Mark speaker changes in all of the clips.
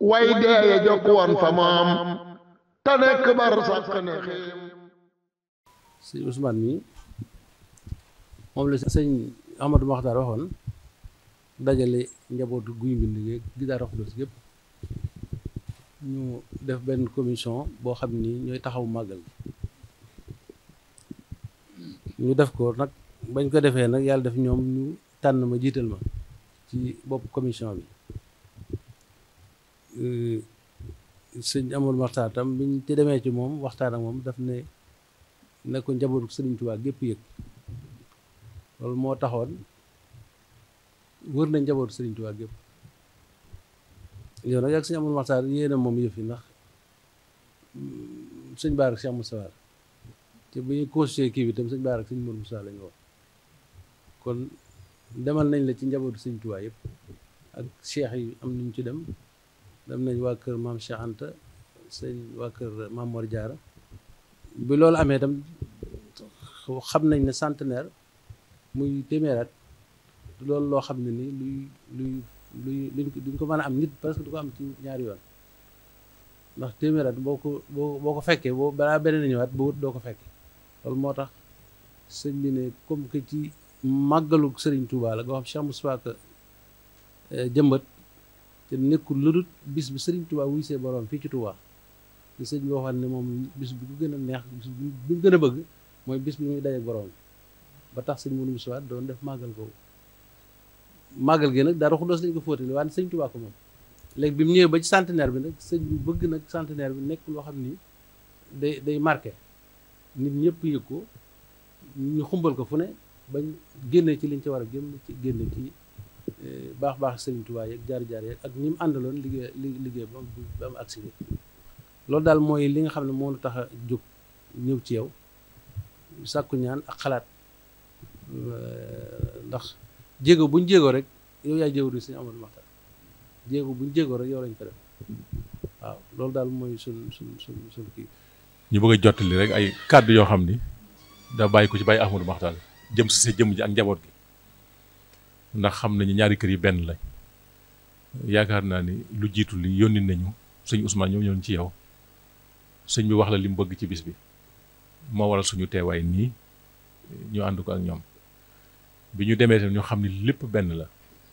Speaker 1: way deeye jokk woon fa moom te nekk bar sàq ne xéem
Speaker 2: sëñ Ousmane mi moom la sëñ Amadou Maxtaar waxoon dajale njabootu guy mbind gi gidaar si gépp ñu def benn commission boo xam ni ñooy taxaw màggal ñu def ko nag bañ ko defee nag yàlla def ñoom ñu tànn ma jiital ma ci bopp commission bi Euh, sëñ amul waxtaan tam biñ ci demee ci moom waxtaan ak moom daf ne na ko njabootu sëriñ Tuubaa gépp yëg loolu moo taxoon wër nañ njabootu sëriñ Tuubaa gépp yow nag ak sëñ moom yëf ndax sëñ Baar ak sëñ Amul Sawaar te bu ñuy bi tam sëñ Baar ak sëñ Mor Moussa la wax kon demal nañ la ci njabootu sëñ Tuubaa yëpp ak cheikh yi am nañ ci dem dem nañ waa kër maam Cheikh Anta waa kër maam Mor Diarra bi loolu amee tam xam nañ ne centenaire muy téeméeraat loolu loo xam ne nii luy luy luy luñ duñ ko mën a am nit parce que du ko am ci ñaari yoon ndax téeméeraat boo ko boo boo ko fekkee boo balaa beneen ñëwaat ba wut doo ko fekkee loolu moo tax sëñ bi ne comme que ci màggalu sëriñ Touba la nga xam Cheikh Moustapha eh, jëmbat te nekkul lu dul bis bi sëriñ Touba wuy see boroom fii ci Touba sëñ bi waxoon ne moom bis bi ku gën a neex bis bi gën a bëgg mooy bis bi muy daje borom ba tax sëñ Mourou Moussa doon def màggal googu màggal gi nag daa waxu ko fóotale waaye sëñ Touba ko moom léegi bi mu ñëwee ba ci centenaire bi nag sëñ bu bëgg nag centenaire bi nekk loo xam ni day day marqué nit ñëpp yëg ko ñu xumbal ko fu ne bañ génnee ci liñ ci war a génn ci génne ci baax baax Serigne jaar-jaar yeeg ak ñi mu àndaloon liggéey liggéey ba ba am agsi bi loolu daal mooy li nga xam ne moo tax a jóg ñëw ci yow sàkku ñaan ak xalaat euh, ndax jéego buñ jéego rek yow yaa jéego di jéego buñ jéego rek yow lañ ko def waaw loolu daal mooy suñ suñ suñ suñ kii
Speaker 3: ñu bëgg jottali rek ay kàddu yoo xam ni da bàyyi ko ci bàyyi Ahmadou Makhtar jëm si sa jëm ji ak njaboot gi ndax xam nañu ñaari kër yi benn lañ yaakaar naa ni lu jiitu li yónni nañu sëñ Ousmane ñoo bisbi. ci yow sëñ bi wax la li mu bëgg ci bis bi moo waral suñu teewaay nii ñu ànd ko ak ñoom bi ñu demee ñu xam ni lépp benn la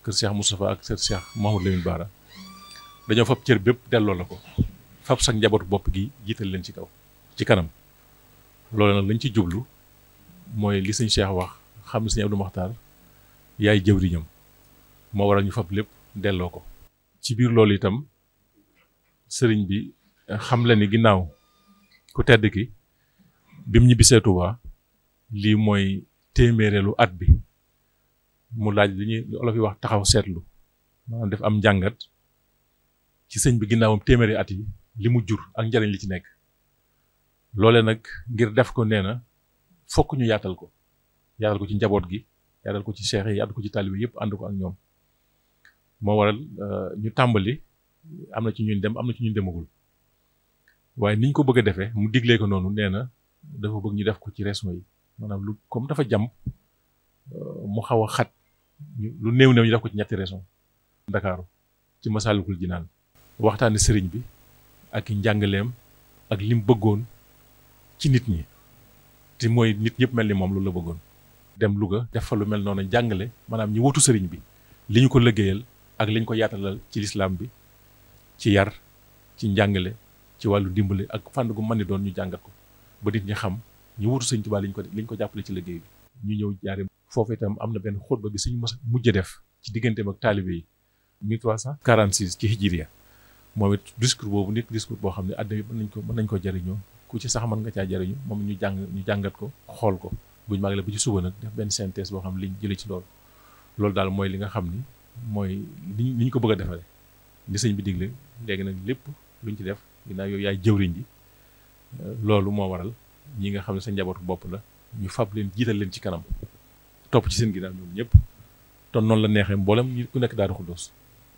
Speaker 3: kër Cheikh Moustapha ak kër Cheikh Bara dañoo fab cër bépp delloo la ko fab sax njabootu bopp gi jiital leen ci kaw ci kanam loolu nag lañ ci jublu mooy li sëñ Cheikh wax xam ne sëñ Abdou Makhtar yaay jëwriñam moo waral ñu fab lépp delloo ko ci biir loolu itam sëriñ bi eh, xam la ni ginnaaw ku tedd ki bim ñibbisee Tuuba lii mooy téeméereelu at bi mu laaj li ñuy li olof yi wax taxaw seetlu maanaam def am njàngat ci sëñ bi ginnaawam téeméeri at yi li mu jur ak njariñ li ci nekk loole nag ngir def ko nee na fokk ñu yaatal ko yaatal ko ci njaboot gi yaatal ko ci seex yi yaatal ko ci taalibe yëpp ànd ko ak ñoom moo waral euh, ñu tàmbali am na ci ñun dem am na ci ñun demagul waaye niñ ko bëgg a defee mu digle ko noonu nee na dafa bëgg ñu def ko ci régions yi maanaam lu comme dafa jam euh, mu xaw a xat lu néew néew ñu def ko ci ñetti régions Ndakaaru ci Masaalikul Jinaan waxtaani sëriñ bi ak njàngaleem ak lim bëggoon ci nit ñi te mooy nit ñëpp mel ni moom loolu la bëggoon dem Louga def fa lu mel noonu jàngale maanaam ñi wutu sëriñ bi li ñu ko liggéeyal ak li ñu ko yaatalal ci lislaam bi ci yar ci njàngale ci wàllu dimbale ak fànn gu man ni doon ñu jàngat ko ba nit ñi xam ñu wutu sëriñ Tuubaa li ñu ko li ñu ko jàppale ci liggéey bi. ñu ñëw jaare foofu itam am na benn xutba bi suñu mos mujj def ci digganteem ak taalibe yi 1346 ci hijiriya moom it discours boobu nit discours boo xam ne àddina bi mën nañ ko mën nañ ko jëriñoo ku ci sax mën caa jëriñu moom ñu jàng ñu jàngat ko xool ko buñ màggalee ba ci suba nag def benn synthèse boo xam ne liñ jëlee ci loolu loolu daal mooy li nga xam ni mooy li ñu ko bëgg a defaree li sëñ bi digle léegi nag lépp luñ ci def ginnaaw yooyu yaay jëwriñ ji euh, loolu moo waral ñi nga xam ne sa njabootu bopp la ñu fab leen jiital leen ci kanam topp ci seen ginnaaw ñoom ñëpp te noonu la neexee mboolem ñi ku nekk Daaru Xuddoos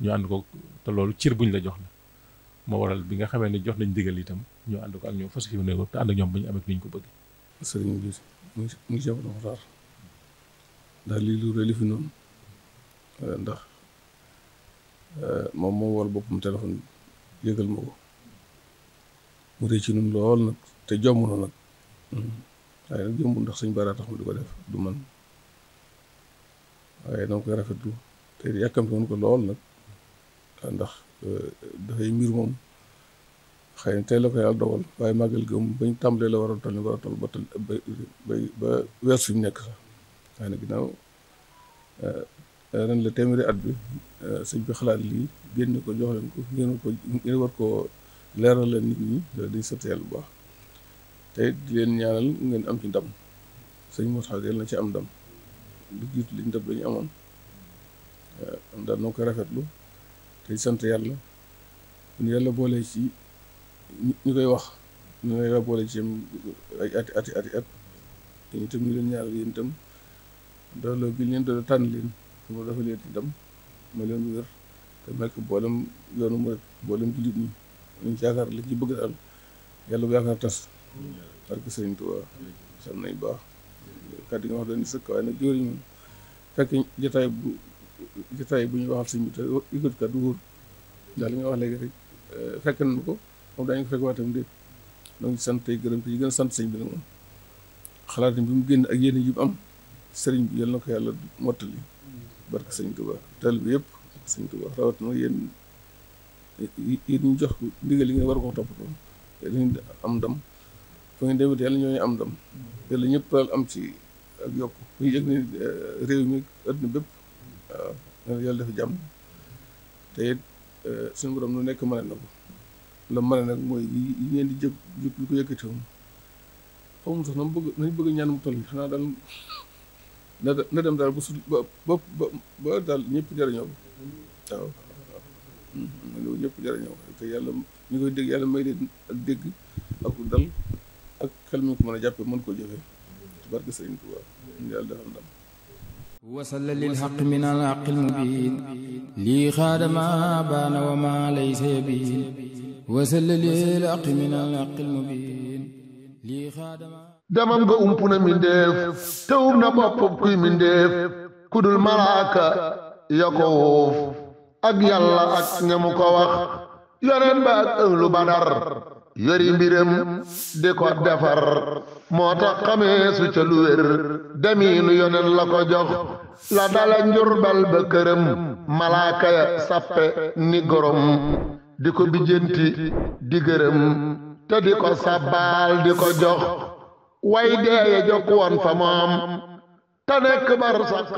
Speaker 3: ñu ànd ko te loolu cir buñ la jox la moo waral bi nga xamee ne jox nañ digal itam ñu ànd ko ak ñoom fas yéene ko te ànd ak ñoom ñu amee ni ñu ko bëgg sëriñ bi mu ngi ci Abdou Mokhtar ndax lii lu rëy li fi
Speaker 1: noonu ndax moom moo wol boppam téléphone bi yëgal ma ko mu rëy ci ñun lool nag te jomm na nag waaye nag jombul ndax suñ baraa tax mu di ko def du man waaye dama koy rafetlu te yàkkamte woon ko lool nag ndax dafay mbir moom xëy na tey la ko yàlla dogal waaye màggal gi moom bañ tàmbalee la war a toll ni war a toll ba toll ba ba weer suñu nekk sax waaye nag ginnaaw eh, ren la téeméeri at bi eh, sëñ bi xalaat lii génne ko jox leen ko ngeen ko ngeen war koo leeral leen nit ñi loolu di yàlla bu baax te di leen ñaanal ngeen am ci ndam sëñ Moussa yàlla ci am ndam lu jiitu liñ ndam lañu amoon eh, am daal koy rafetlu sant yàlla yàlla boole ci. ñu koy wax ñu ne la boole ci ay ati ati ati at yéen itam ñu leen ñaar yéen itam doole bi leen doole tànn leen su ma dafa leen itam ma leen wér te mekk boolem yoonu mooy boolem jullit ñi ñu ci yaakaar li ci bëgg daal yàlla bu yaakaar tas barke sëriñ Tuubaa san nañ baax kàddu yi nga wax doon sëkk waaye nag jóori ñu fekk jotaay bu jotaay bu ñu waxal sëñ bi te yëkkati kàddu wóor daal li nga wax léegi rek fekk na ko moom daañu ko fekk waatam déet ñoo ngi sant tey gërëm sant sëñ bi nag moom xalaatam bi mu génn ak yéen yi mu am sëriñ bi yal na ko yàlla mottali barke sëñ Tuba taal bi yëpp sëñ Tuba rawatina yéen yéen ñu jox ndigal yi ngeen war koo toppatoo yàlla ñu am ndam ñu am ndam yàlla ñëpp am ci ak yokk ñu yëg ne euh, réew mi àdduna bépp waaw yàlla dafa jàmm te it euh, suñu borom lu nekk mën na ko la mën nag mooy yi ngeen di jëg jug di ko yëkkati woon xawma sax na mu bëgg nañ bëgg ñaan mu toll nii xanaa daal na dem daal ba su ba ba ba daal ñëpp jariñoo waaw mm-hmm. loolu ñëpp jariñoo te yàlla ñu koy dégg yàlla may leen ak dégg ak dal ak xel mi ko mën a jàppe mën koo jëfee barke sëriñ Tuubaa yàlla defal ndam وصل للحق من الحق المبين
Speaker 2: لي خادما بان وما ليس يبين wasal lil aqi min
Speaker 1: te um na boppam kuy mindeef ku malaaka ya ko wóof ak yàlla ak ñamu ko wax yoneen ba ak ënglu badar yori mbiram di ko defar moo tax xamee ca lu wér demiinu yoneen la ko jox la dala njurbal ba këram malaaka ya sappe ni gorom di ko bijjanti di gërëm di ko sabbaal di ko jox way deeye jokk woon fa moom
Speaker 3: te nekk bar sàkk